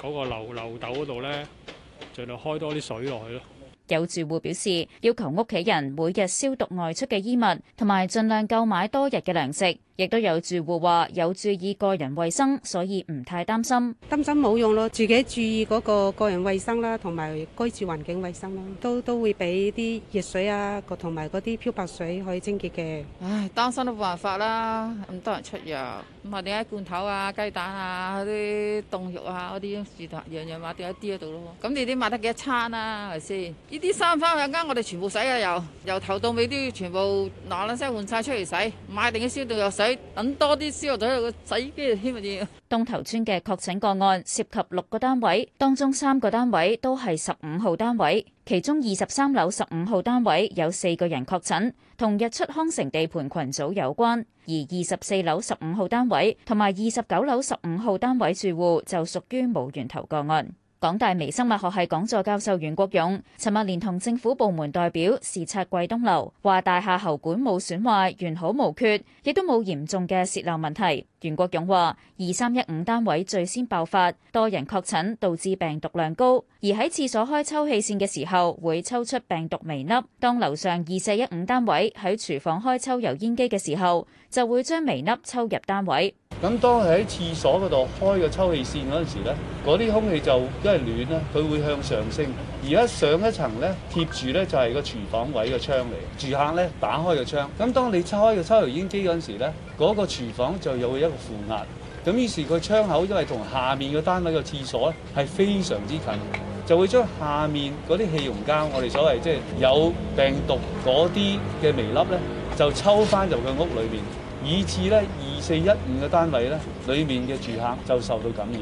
嗰個漏漏竇嗰度咧，盡量開多啲水落去咯。有住戶表示要求屋企人每日消毒外出嘅衣物，同埋盡量購買多日嘅糧食。亦都有住戶話有注意個人衞生，所以唔太擔心。擔心冇用咯，自己注意嗰個個人衞生啦，同埋居住環境衞生啦，都都會俾啲熱水啊，同埋嗰啲漂白水去清潔嘅。唉，擔心都冇辦法啦，咁多人出入。咁啊，啲罐頭啊、雞蛋啊、啲凍肉啊嗰啲，樣樣買啲喺啲度咯。咁你啲買得幾多餐啊？係先，呢啲衫返去陣間，我哋全部洗下又由頭到尾都要全部嗱嗱聲換晒出嚟洗，買定啲消毒藥水洗，等多啲消毒水個洗衣機添啊！東頭邨嘅確診個案涉及六個單位，當中三個單位都係十五號單位，其中二十三樓十五號單位有四個人確診，同日出康城地盤群組有關。而二十四樓十五號單位同埋二十九樓十五號單位住戶就屬於無源頭個案。港大微生物學系講座教授袁國勇，尋日連同政府部門代表視察貴東樓，話大廈喉管冇損壞，完好無缺，亦都冇嚴重嘅泄漏問題。袁國勇話：二三一五單位最先爆發多人確診，導致病毒量高，而喺廁所開抽氣扇嘅時候會抽出病毒微粒，當樓上二四一五單位喺廚房開抽油煙機嘅時候，就會將微粒抽入單位。咁當喺廁所嗰度開個抽氣扇嗰陣時咧，嗰啲空氣就因為暖呢，佢會向上升。而一上一層呢，貼住呢就係個廚房位嘅窗嚟。住客呢，打開個窗，咁當你抽開個抽油煙機嗰陣時咧，嗰個廚房就有一個負壓。咁於是個窗口因為同下面嘅單位嘅廁所咧係非常之近，就會將下面嗰啲氣溶膠，我哋所謂即係有病毒嗰啲嘅微粒呢，就抽翻入佢屋裏面。以至咧，二四一五嘅單位咧，裏面嘅住客就受到感染。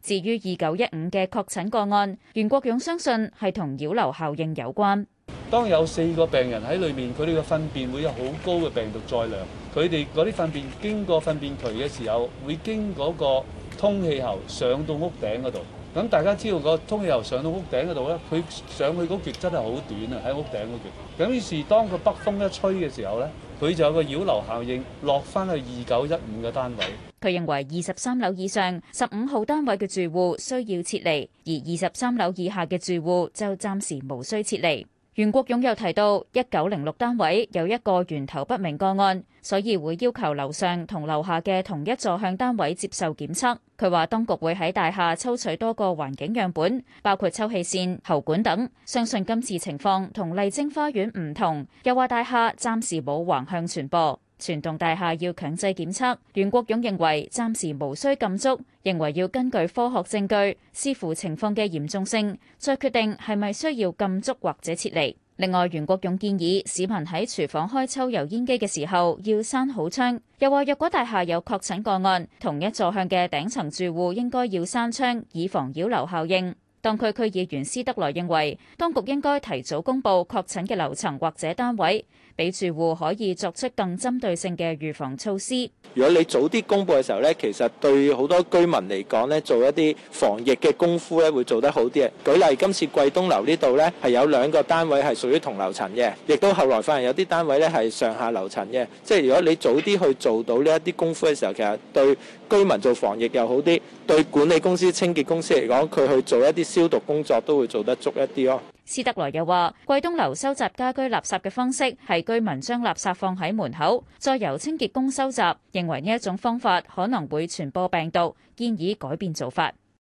至於二九一五嘅確診個案，袁國勇相信係同擾流效應有關。當有四個病人喺裏面，佢哋嘅糞便會有好高嘅病毒載量。佢哋嗰啲糞便經過糞便渠嘅時候，會經嗰個通氣喉上到屋頂嗰度。咁大家知道個通氣喉上到屋頂嗰度咧，佢上去嗰段真係好短啊，喺屋頂嗰段。咁於是當佢北風一吹嘅時候咧，佢就有個擾流效應，落翻去二九一五嘅單位。佢認為二十三樓以上十五號單位嘅住戶需要撤離，而二十三樓以下嘅住戶就暫時無需撤離。袁國勇又提到，一九零六單位有一個源頭不明個案，所以會要求樓上同樓下嘅同一座向單位接受檢測。佢話，當局會喺大廈抽取多個環境樣本，包括抽氣扇、喉管等。相信今次情況同麗晶花園唔同，又話大廈暫時冇橫向傳播。全棟大廈要強制檢測，袁國勇認為暫時無需禁足，認為要根據科學證據，視乎情況嘅嚴重性，再決定係咪需要禁足或者撤離。另外，袁國勇建議市民喺廚房開抽油煙機嘅時候要閂好窗，又話若果大廈有確診個案，同一座向嘅頂層住戶應該要閂窗，以防擾流效應。當區區議員施德來認為，當局應該提早公佈確診嘅樓層或者單位，俾住戶可以作出更針對性嘅預防措施。如果你早啲公佈嘅時候呢，其實對好多居民嚟講呢，做一啲防疫嘅功夫咧，會做得好啲嘅。舉例今次貴東樓呢度咧，係有兩個單位係屬於同樓層嘅，亦都後來發現有啲單位呢係上下樓層嘅。即係如果你早啲去做到呢一啲功夫嘅時候，其實對居民做防疫又好啲，對管理公司、清潔公司嚟講，佢去做一啲。消毒工作都會做得足一啲咯。施德來又話，貴東樓收集家居垃圾嘅方式係居民將垃圾放喺門口，再由清潔工收集，認為呢一種方法可能會傳播病毒，建議改變做法。